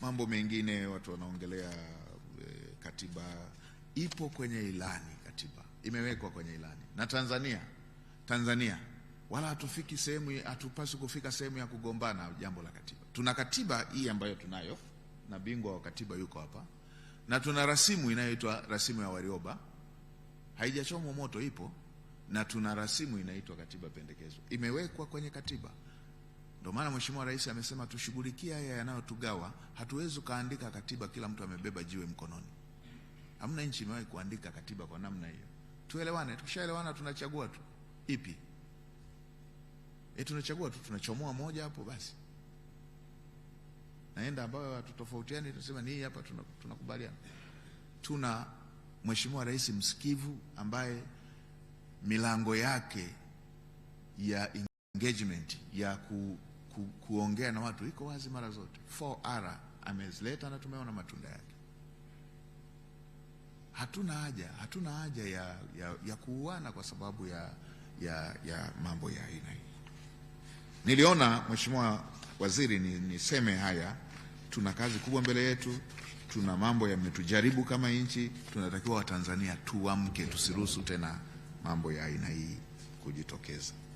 Mambo mengine watu wanaongelea e, katiba ipo kwenye ilani, katiba imewekwa kwenye ilani na Tanzania Tanzania wala hatufiki sehemu, hatupasi kufika sehemu ya kugombana jambo la katiba. Tuna katiba hii ambayo tunayo na bingwa wa katiba yuko hapa, na tuna rasimu inayoitwa rasimu ya Warioba, haijachomwa moto, ipo na tuna rasimu inaitwa katiba pendekezo, imewekwa kwenye katiba. Ndio maana Mheshimiwa Rais amesema tushughulikie haya yanayotugawa. Hatuwezi kaandika katiba kila mtu amebeba jiwe mkononi. Hamna nchi imewahi kuandika katiba kwa namna hiyo. Tuelewane, tukishaelewana tunachagua tu ipi e, tunachagua tu, tunachomoa moja hapo basi, naenda ambayo hatutofautiani, tunasema ni hii hapa, tunakubaliana. Tuna, tuna Mheshimiwa Rais msikivu ambaye milango yake ya engagement ya ku ku, kuongea na watu iko wazi mara zote. 4R amezileta na tumeona matunda yake. Hatuna haja hatuna haja ya, ya, ya kuuana kwa sababu ya, ya, ya mambo ya aina hii. Niliona Mheshimiwa Waziri, niseme ni haya, tuna kazi kubwa mbele yetu, tuna mambo yametujaribu kama nchi, tunatakiwa Watanzania tuamke, tusiruhusu tena mambo ya aina hii kujitokeza.